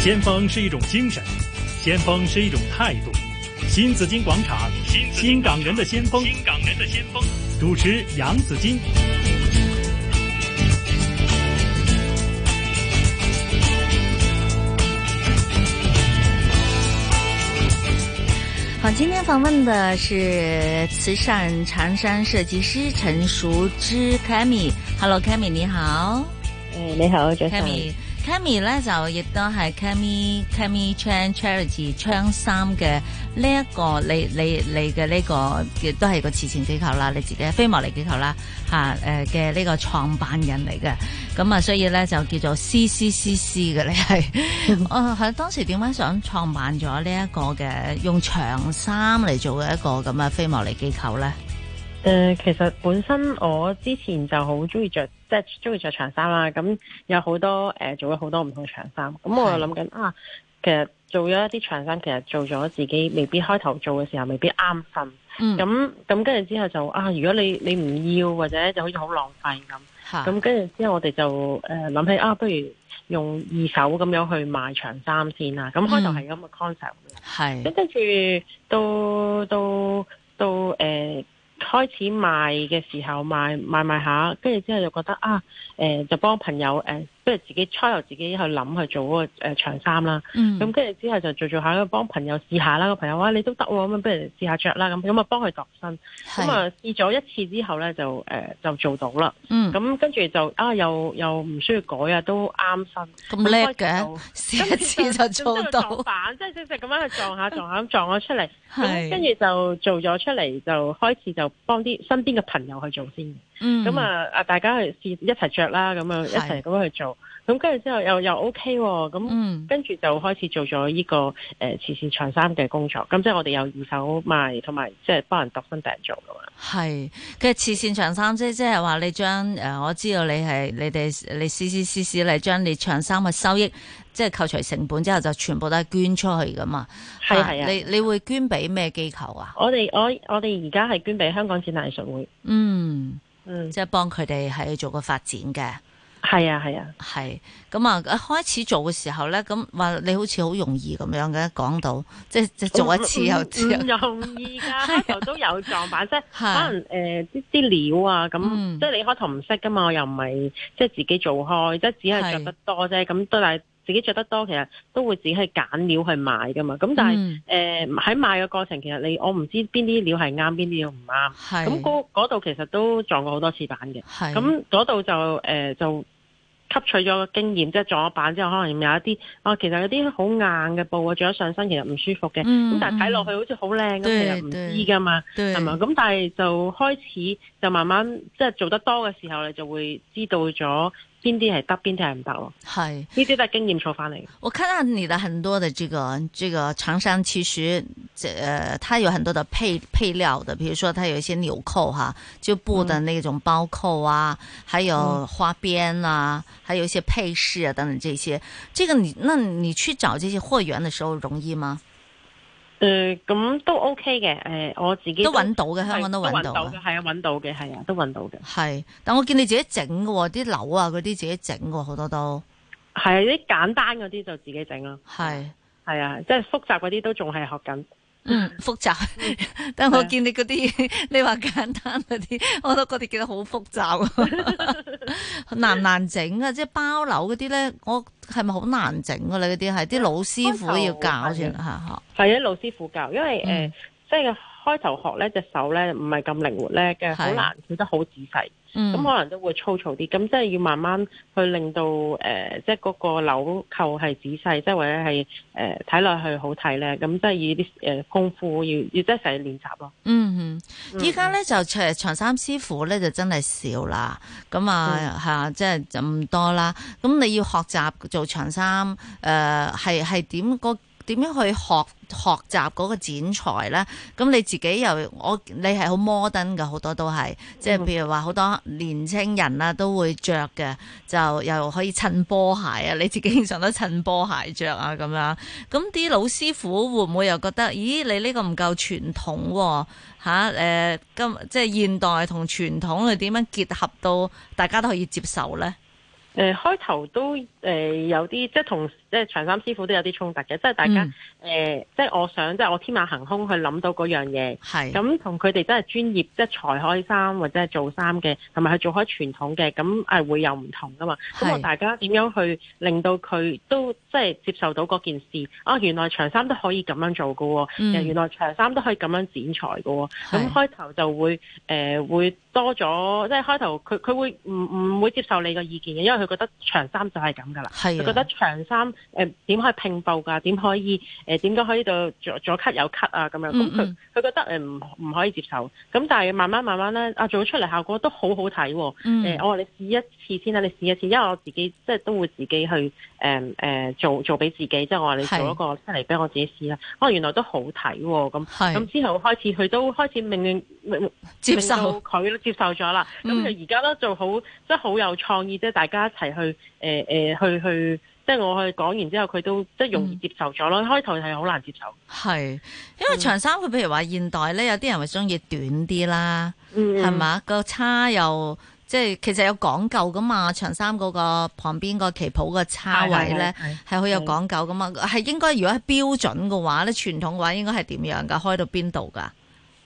先鋒是一種精神，先鋒是一種態度。新紫金廣場，新紫金廣場，新港人的先鋒，新港人的先鋒。主持楊紫金。好，今天訪問的是慈善長衫設計師陳淑芝。Kami。Hello，Kami，你好。誒、嗯，你好，早晨。Cammy 咧就亦都係 Cammy Cammy Chan Charity 穿衫嘅，呢一個你你你嘅呢個亦都係個慈善機構啦，你自己嘅非牟利機構啦吓，誒嘅呢個創辦人嚟嘅，咁啊所以咧就叫做 C C C C 嘅你係，哦係、 啊、當時點解想創辦咗呢，這個，一個嘅用長衫嚟做嘅一個咁嘅非牟利機構咧？誒、呃，其實本身我之前就好中意着。即係中意着長衫啦，咁有好多誒做咗好多唔同嘅長衫，咁、呃、我又諗緊啊，其實做咗一啲長衫，其實做咗自己，未必開頭做嘅時候未必啱身。咁咁跟住之後就啊，如果你你唔要或者就好似好浪費咁，咁跟住之後我哋就誒諗、呃、起啊，不如用二手咁樣去賣長衫先啦，咁開頭係咁嘅 concept，係，咁跟住都都都誒。開始賣嘅時候，賣賣賣下，跟住之後就覺得啊，誒、呃、就幫朋友誒。呃不如自己猜又自己去諗去做嗰個誒長衫啦，咁跟住之後就做做下，幫朋友試下啦。個朋友話你都得，咁啊不如試下着啦。咁咁啊幫佢度身，咁啊試咗一次之後咧就誒就做到啦。咁跟住就啊又又唔需要改啊，都啱身。咁叻嘅，試一次就做到。撞板即係正直咁樣去撞下撞下咁撞咗出嚟，跟住就做咗出嚟就開始就幫啲身邊嘅朋友去做先。嗯，咁啊，啊大家去試一齊着啦，咁樣一齊咁樣去做，咁跟住之後又又 O K 喎，咁跟住就開始做咗呢個誒慈善長衫嘅工作。咁即係我哋有二手賣，同埋即係幫人度身訂做噶嘛。係，其實慈善長衫即係即係話你將誒、呃、我知道你係你哋你試試試試嚟將你長衫嘅收益，即係扣除成本之後就全部都係捐出去噶嘛。係是啊，的你你會捐俾咩機構啊？我哋我我哋而家係捐俾香港展覽藝術會。嗯。嗯，即係幫佢哋係去做個發展嘅，係啊係啊，係咁啊！一開始做嘅時候咧，咁話你好似好容易咁樣嘅講到，即係即係做一次又。唔容易噶，開頭都有撞板啫，可能誒啲啲料啊咁，即係你開頭唔識噶嘛，我又唔係即係自己做開，即係只係着得多啫，咁都係。自己着得多，其實都會自己去揀料去買噶嘛。咁但係誒喺買嘅過程，其實你我唔知邊啲料係啱，邊啲料唔啱。咁嗰度其實都撞過好多次板嘅。咁嗰度就誒、呃、就吸取咗個經驗，即係撞咗板之後，可能有一啲哦，其實有啲好硬嘅布我着咗上身，其實唔舒服嘅。咁、嗯、但係睇落去好似好靚咁，對其實唔知噶嘛係嘛？咁但係就開始就慢慢即係做得多嘅時候，你就會知道咗。邊啲係得，邊啲係唔得咯？係呢啲都係經驗錯翻嚟。我看到你的很多的這個這個長衫，其實誒、呃，它有很多的配配料的，譬如說它有一些紐扣哈、啊，就布的那種包扣啊、嗯，還有花邊啊，還有一些配飾、啊、等等這些。這個你，那你去找這些貨源的時候容易嗎？誒，咁、呃、都 OK 嘅。誒、呃，我自己都揾到嘅，香港都揾到嘅，係啊，揾到嘅，係啊，都揾到嘅。係，但我見你自己整嘅喎，啲樓啊，嗰啲自己整嘅好多都係啲、啊、簡單嗰啲就自己整咯、啊。係，係啊，即係複雜嗰啲都仲係學緊。嗯，複雜。 但係我見你嗰啲，的你話簡單嗰啲，我都覺得叫得好複雜，難 難整啊！即係包樓嗰啲咧，我係咪好難整噶咧？嗰啲係啲老師傅要教先，係啊，係啊，老師傅教，的因為誒、嗯呃，即係。開頭學咧，隻手咧唔係咁靈活咧，嘅好難跳得好仔細，咁的、嗯、可能都會粗糙啲，咁即係要慢慢去令到誒，即係嗰個扭扣係仔細，即、就、係、是、或者係誒睇落去好睇咧，咁即係以啲誒功夫要要即係成日練習咯。嗯哼，依家咧就長長衫師傅咧就真係少啦，咁啊嚇，即係、嗯、就咁多啦。咁你要學習做長衫誒，係係點？點樣去學學習嗰個剪裁咧？咁你自己又我你係好摩登㗎好多都係，即係譬如話好多年青人啦都會着嘅，就又可以襯波鞋啊！你自己經常都襯波鞋着啊咁樣。咁啲老師傅會唔會又覺得，咦？你呢個唔夠傳統喎、啊？吓、啊，誒、呃，今即係現代同傳統去點樣結合到，大家都可以接受咧？誒、呃，開頭都誒、呃、有啲即係同。即係長衫師傅都有啲衝突嘅，即係大家誒，即係我想，即係我天馬行空去諗到嗰樣嘢，係咁同佢哋真係專業，即係裁開衫或者係做衫嘅，同埋係做開傳統嘅，咁係會有唔同噶嘛。咁我大家點樣去令到佢都即係接受到嗰件事？啊，原來長衫都可以咁樣做噶喎，原來長衫都可以咁樣剪裁噶喎。咁開頭就會誒會多咗，即係開頭佢佢會唔唔會接受你嘅意見嘅？因為佢覺得長衫就係咁噶啦，覺得長衫。誒點、呃、可以拼布㗎？點可以誒點解可以到左左咳右咳啊？咁樣，咁佢佢覺得誒唔唔可以接受。咁但係慢慢慢慢咧，啊做出嚟效果都好好睇，哦。誒、嗯呃、我話你試一次先啦，你試一次，因為我自己即係都會自己去誒誒、嗯呃、做做俾自己。即係我話你做一個是出嚟俾我自己試啦。可、啊、能原來都好睇咁、哦，咁是之後開始佢都開始命令接受佢都接受咗啦。咁佢而家咧做好即係好有創意，即係大家一齊去誒誒去去。即係我去講完之後，佢都即係容易接受咗咯。嗯、開頭係好難接受。係，因為長衫佢譬如話現代咧，有啲人會中意短啲啦，係咪個叉又即係其實有講究噶嘛。長衫嗰個旁邊個旗袍個叉位咧係好有講究噶嘛。係、嗯嗯、應該如果係標準嘅話咧，傳統嘅話應該係點樣噶？開到邊度噶？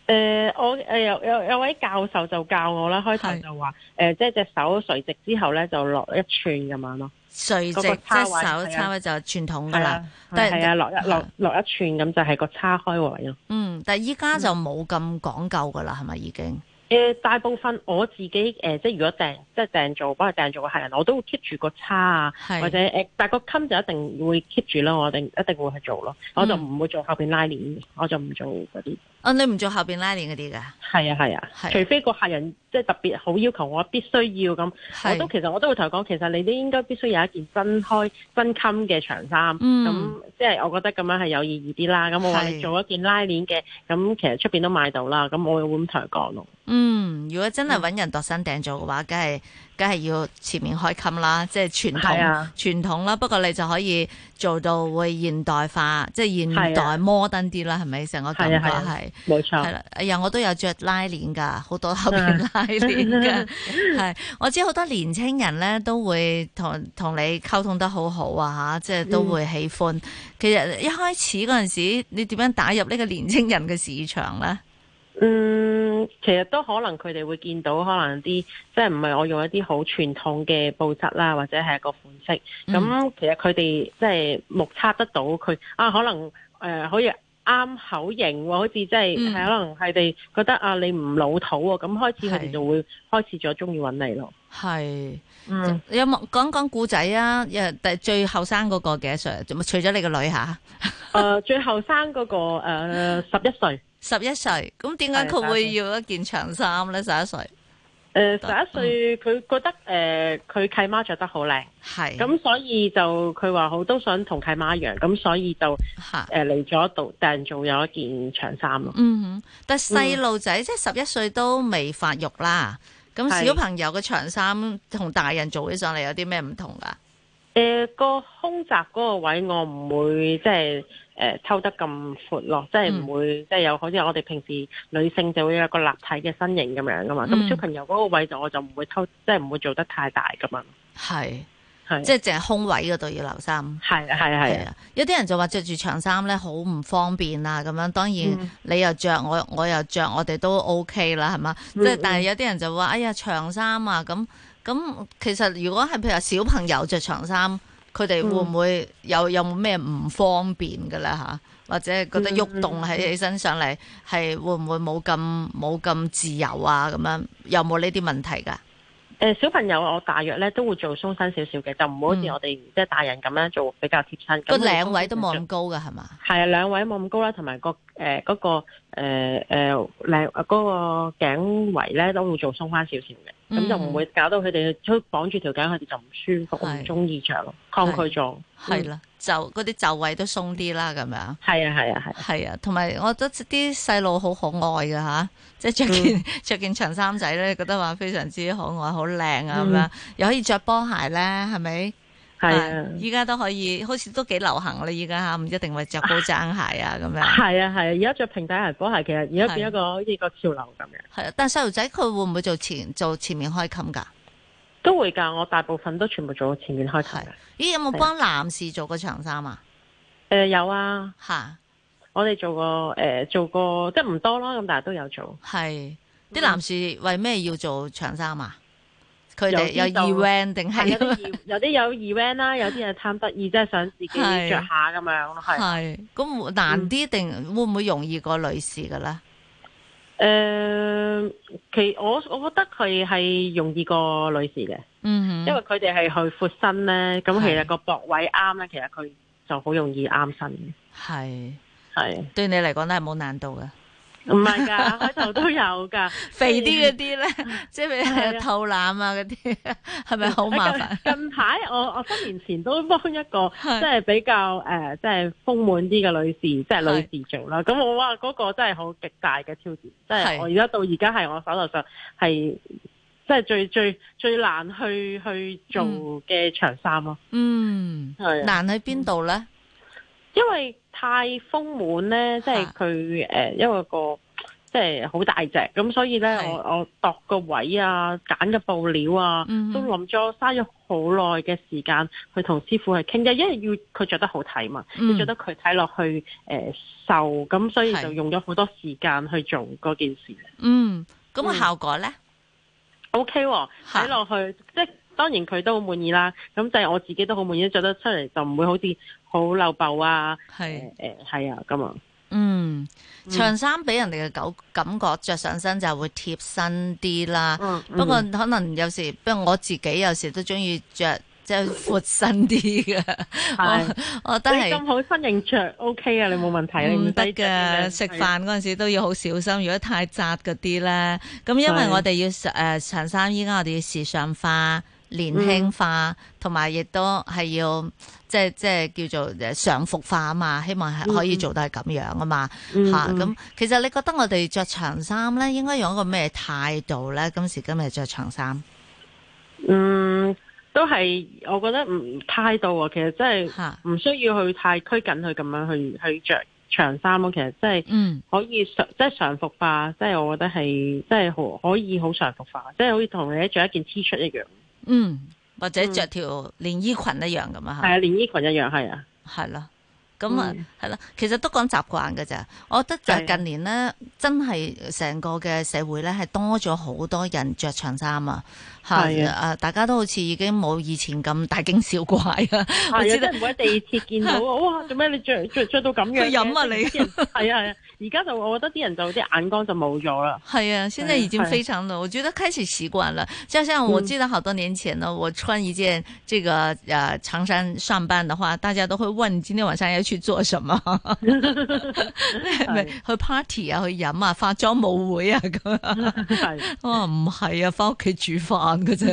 誒、呃，我誒有有有位教授就教我啦，開頭就話誒是、呃，即係隻手垂直之後咧就落一寸咁樣咯。垂直即手叉位就傳統噶啦，係啊，是啊，落一落落一寸，咁就係個叉開位咯。嗯，但係依家就冇咁講究噶啦，係咪已經？誒、呃，大部分我自己誒、呃，即係如果訂即係訂做，幫佢訂做嘅客人，我都會 keep 住個叉啊，是或者誒、呃，但係個襟就一定會 keep 住咯。我哋一,一定會去做咯，我就唔會、嗯、會做後邊拉鏈，我就唔做嗰啲。啊！你唔做後邊拉鏈嗰啲嘅？係啊係啊，啊啊除非個客人即係特別好要求，我必須要咁，是我都其實我都會同佢講，其實你啲應該必須有一件真開真襟嘅長衫，咁、嗯、即係我覺得咁樣係有意義啲啦。咁我話你做一件拉鏈嘅，咁是其實出邊都買到啦。咁我又會咁同佢講咯。嗯，如果真係揾人度身訂造嘅話，梗係。梗係要前面開襟啦，即係傳統傳、啊、統啦。不過你就可以做到會現代化，即係現代摩登啲啦，係咪成個感覺係？冇錯、啊。係啦哎、呀，我都有着拉鏈噶，好多後邊拉鏈噶。係是、啊， 我知好多年青人咧都會同同你溝通得好好啊，吓，即係都會喜歡。嗯、其實一開始嗰陣時，你點樣打入呢個年輕人嘅市場咧？嗯，其實都可能佢哋會見到，可能啲即係唔係我用一啲好傳統嘅布質啦，或者係一個款式。咁、嗯嗯嗯、其實佢哋即係目測得到佢啊，可能誒、呃、好似啱口型，好似即係係可能係哋覺得啊你唔老土啊，咁開始佢哋就會開始咗中意揾你咯。係是，嗯，有冇講講故仔啊？第最後生嗰個幾歲？除咗你個女下，誒，最後生嗰個誒十一歲。呃十一歲，咁點解佢會要一件長衫咧？十一歲，誒、呃，十一歲佢覺得誒，佢契媽着得好靚。係，咁所以就佢話好都想同契媽一樣，咁所以就誒嚟咗度訂做咗一件長衫咯。嗯，嗯，但細路仔即係十一歲都未發育啦，咁小朋友嘅長衫同大人做起上嚟有啲咩唔同噶？誒，個空集嗰個位我唔會、呃偷嗯、即係誒，偷得咁闊咯，即係唔會即係有好似我哋平時女性就會有個立體嘅身形咁樣噶嘛，咁、嗯、小朋友嗰個位就我就唔會偷，即係唔會做得太大噶嘛。係係是，是即係淨係空位嗰度要留衫。係啊係啊係啊，有啲人就話着住長衫咧好唔方便啊咁樣。當然、嗯、你又着我我又着我哋都 O K 啦，係嘛。即係、嗯、但係有啲人就話哎呀長衫啊咁。咁其實如果係譬如小朋友着長衫，佢哋會唔會有有冇咩唔方便㗎啦吓？或者係覺得喐動喺起身上嚟係會唔會冇咁冇咁自由啊？咁樣有冇呢啲問題㗎？誒、呃，小朋友我大約咧都會做鬆身少少嘅，就唔好好似我哋、嗯、即係大人咁樣做比較貼身。個領位都冇咁高噶係嘛？係啊，領位冇咁高啦，同埋個誒嗰、呃嗰個誒誒領嗰個頸圍咧都會做鬆翻少少嘅，咁、嗯、就唔會搞到佢哋出綁住條頸，佢哋就唔舒服唔中意着咯，抗拒咗。係啦。就嗰啲袖位都鬆啲啦，咁樣。係啊係啊，係。係啊，同埋我覺得啲細路好可愛嘅吓，即係著件著件長衫仔咧，覺得話非常之可愛，好靚啊咁樣，又可以着波鞋咧，係咪？係啊，依家都可以，好似都幾流行啦依家嚇，唔一定話着高踭鞋啊咁樣。係啊係啊，而家着平底鞋、波鞋其實而家變一個好似個潮流咁樣。係啊，但細路仔佢會唔會做前做前面開襟㗎？都會噶，我大部分都全部做前面開頭。咦，有冇幫男士做過長衫啊？誒、呃，有啊，吓是，我哋做過誒、呃，做過即係唔多咯，咁但係都有做。係，啲男士、嗯、為咩要做長衫啊？佢哋有,有 event 定係有啲有 event 啦，有啲係貪得意，即係 想自己着下咁樣咯。係，咁難啲定會唔會容易過女士噶咧？誒、呃，其我我覺得佢係容易過女士嘅，嗯、哼因為佢哋係去闊身咧，咁其實個膊位啱咧，其實佢就好容易啱身嘅。係系是，是對你嚟講咧係冇難度嘅。唔係噶，開頭都有噶， 以肥啲嗰啲咧，即係譬如肚腩啊嗰啲，係咪好麻煩？近排我我新年前都幫一個， 即係比較誒、呃，即係豐滿啲嘅女士，是即係女士做啦。咁我話嗰個真係好極大嘅挑戰，即係是我而家到而家係我手頭上係即係最最最難去去做嘅長衫咯、啊嗯。嗯，係的難喺邊度咧？因為。太豐滿咧，即係佢誒，因為個即係好大隻，咁所以咧的，我我度個位啊，揀個布料啊，嗯、哼都諗咗嘥咗好耐嘅時間去同師傅去傾嘅，因為要佢着得好睇嘛，嗯、要着得佢睇落去誒、呃、瘦，咁所以就用咗好多時間去做嗰件事。的嗯，咁、那個效果咧？O K 喎，睇落去哈即係。當然佢都好滿意啦，咁就係我自己都好滿意，着得出嚟就唔會好似好漏爆啊，係誒係啊咁啊。嗯，長衫俾人哋嘅感感覺着上身就會貼身啲啦。不過可能有時，不過我自己有時都中意着，即係闊身啲嘅。我我覺得咁好身形着 OK 啊，你冇問題。唔得嘅，食飯嗰陣時都要好小心。如果太窄嗰啲咧，咁因為我哋要誒長衫，依家我哋要時尚化。年輕化，同埋亦都係要即係即係叫做常服化啊嘛，希望係可以做到係咁樣啊嘛，吓咁、嗯啊。其實你覺得我哋着長衫咧，應該用一個咩態度咧？今時今日着長衫，嗯，都係我覺得，唔態度啊，其實真係唔需要去太拘謹去咁樣去去着長衫咯、啊。其實即係，嗯，可以常即係常服化，即係我覺得係，即係可可以好常服化，即係好似同你着一件 T 恤一樣。嗯，或者着條連衣裙一樣咁啊，係啊、嗯，連衣裙一樣係啊，係咯，咁啊，係、嗯、咯，其實都講習慣噶咋？我覺得就係近年咧，的真係成個嘅社會咧，係多咗好多人着長衫啊，係啊，的大家都好似已經冇以前咁大驚小怪啊。啦的，係啊 道，真第二次見到哇，做咩的你着着着到咁樣？飲啊你，係啊係啊。而家就我覺得啲人就啲眼光就冇咗啦。係啊，現在已經非常啦，是我覺得開始習慣啦。就像我記得好多年前呢，嗯、我穿一件這個誒、啊、長衫上班的話，大家都會問：你今天晚上要去做什麼？係咪去 party 啊，去飲啊，化妝舞會啊咁。 是 哦、啊，唔係啊，翻屋企煮飯噶啫。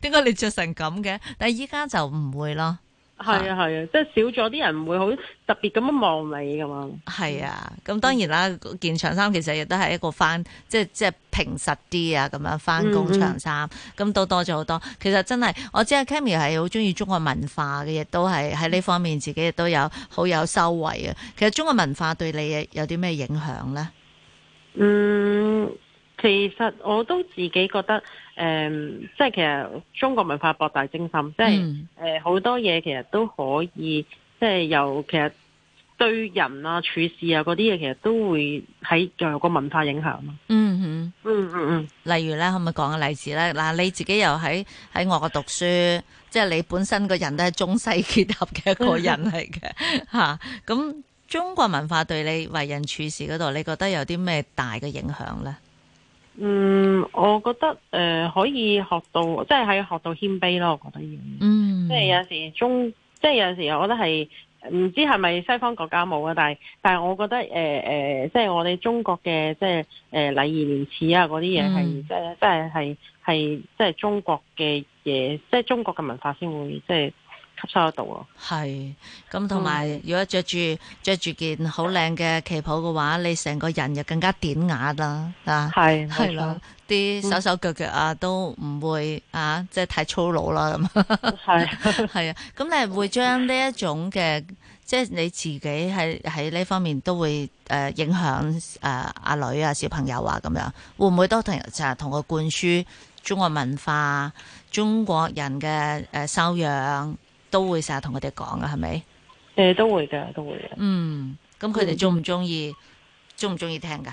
點 解 你着成咁嘅？但係依家就唔會咯。係啊係啊，即係少咗啲人唔會好特別咁樣望你噶嘛。係啊，咁當然啦，件長衫其實亦都係一個翻，即係即係平實啲啊，咁樣翻工長衫，咁、嗯嗯、都多咗好多。其實真係，我知阿 Cammy 係好中意中國文化嘅，亦都係喺呢方面自己亦都有好有收穫啊。其實中國文化對你有啲咩影響呢？嗯，其實我都自己覺得。誒，嗯嗯、即係其實中國文化博大精深，即係誒好多嘢其實都可以，即係由其實對人啊、處事啊嗰啲嘢，其實都會喺有個文化影響。嗯嗯哼嗯嗯嗯，例如咧，可唔可以講個例子咧？嗱、啊，你自己又喺喺外國讀書， 即係你本身個人都係中西結合嘅一個人嚟嘅吓。咁、 啊、中國文化對你為人處事嗰度，你覺得有啲咩大嘅影響咧？嗯，我覺得誒、呃、可以學到，即係喺學到謙卑咯。我覺得要，嗯、即係有時中，即係有時我覺得係唔知係咪西方國家冇啊，但係但係我覺得誒誒、呃，即係我哋中國嘅即係誒禮義廉恥啊嗰啲嘢，係即係即係係係即係中國嘅嘢，即係中國嘅文化先會即係。收得到啊，係咁同埋，嗯、如果着住着住件好靚嘅旗袍嘅話，你成個人又更加典雅啦，啊係係啦，啲吧錯手手腳腳啊都唔會、嗯、啊，即係太粗魯啦咁。係係啊，咁 你會將呢一種嘅，即、就、係、是、你自己係喺呢方面都會誒影響誒阿女啊小朋友啊咁樣，會唔會都同就係同佢灌輸中國文化、中國人嘅誒修養？都會成日同佢哋講㗎，係咪？誒都會嘅，都會嘅。嗯，咁佢哋中唔中意？中唔中意聽㗎？誒、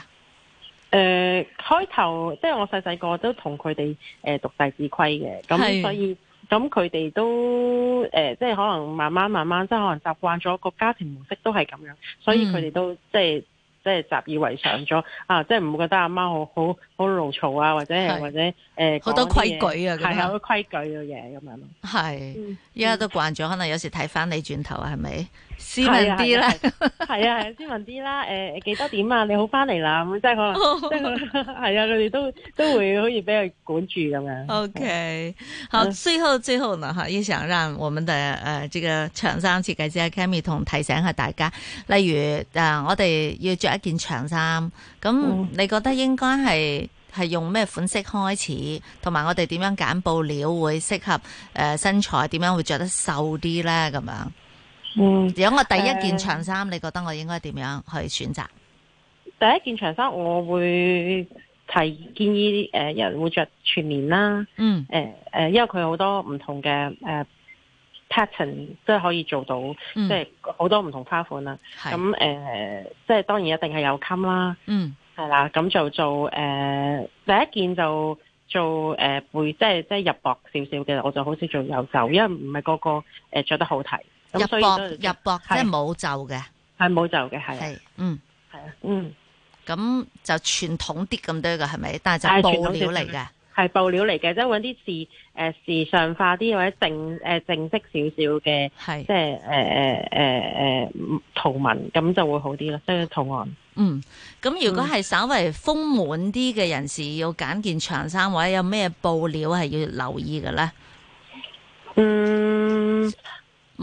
呃、開頭即係我細細個都同佢哋誒讀弟子規嘅，咁是所以咁佢哋都誒、呃、即係可能慢慢慢慢，即係可能習慣咗個家庭模式都係咁樣，所以佢哋都、嗯、即係。即係習以為常咗啊！即係唔會覺得阿媽,媽好好好嘈吵啊，或者或者誒好多規矩啊，係好多規矩嘅嘢咁樣。係，依家都慣咗，嗯、可能有時睇翻你轉頭啊，係咪？斯文啲啦，係啊係斯文啲啦。誒、呃，幾多點啊？你好翻嚟啦，咁即係可能，即係啊，佢哋都都會好似俾佢管住咁樣。OK，好，最後最後呢，哈，亦想讓我們嘅誒，這個長衫設計師 Amy 同提醒下大家，例如誒，我哋要着。啊啊件長衫，咁你覺得應該係係用咩款式開始，同埋我哋點樣揀布料會適合誒身材，點樣會着得瘦啲呢？咁樣，如果我第一件長衫，你覺得我應該點樣去選擇？第一件長衫我會提建議，誒、呃，人會着全棉啦，誒、呃、誒、呃呃，因為佢好多唔同嘅誒。呃即係可以做到，即係好多唔同花款啦。咁誒，即係當然一定係有襟啦。嗯，係啦。咁就做誒第一件就做誒背，即係即係入薄少少嘅。我就好少做有袖，因為唔係個個誒著得好睇。入薄入薄，即係冇袖嘅，係冇袖嘅，係。係，嗯，係啊，嗯。咁就傳統啲咁多嘅係咪？但係就係布料嚟嘅。係布料嚟嘅，即係搵啲時誒、呃、時尚化啲或者正誒正式少少嘅，即係誒誒誒誒圖文，咁就會好啲咯，即係圖案。嗯，咁如果係稍微豐滿啲嘅人士，要揀件長衫或者有咩布料係要留意嘅咧？嗯。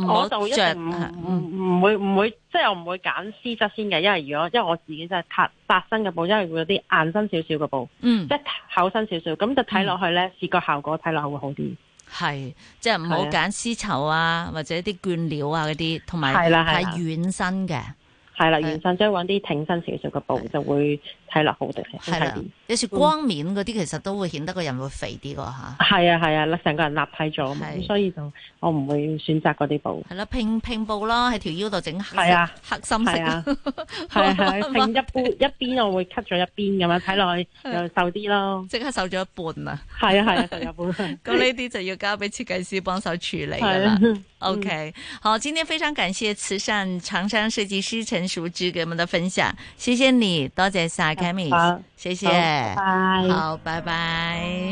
我就一唔唔唔會唔會，即係我唔會揀絲質先嘅，因為如果因為我自己就係撻身嘅布，因為會有啲硬身少少嘅布，嗯，即係厚身少少，咁、嗯、就睇落去咧，視覺效果睇落會好啲。係，即係唔好揀絲綢啊，啊或者啲絨料啊嗰啲，同埋係軟身嘅。係啦、啊，軟身即係揾啲挺身少少嘅布就會。睇落好啲，係啦，有時光面嗰啲，其實都會顯得個人會肥啲噶吓。係啊係啊，成個人立體咗啊，咁所以就我唔會選擇嗰啲布。係啦，拼拼布啦，喺條腰度整啊，黑心色啊，係係拼一邊一邊，我會 cut 咗一邊咁樣，睇落去又瘦啲咯。即刻瘦咗一半啊！係啊係啊，就有補。咁呢啲就要交俾設計師幫手處理噶啦。OK，好，今天非常感謝慈善長衫設計師陳淑芝嘅我們的分享，謝謝你多謝晒。c a m i y 謝謝，好，拜拜。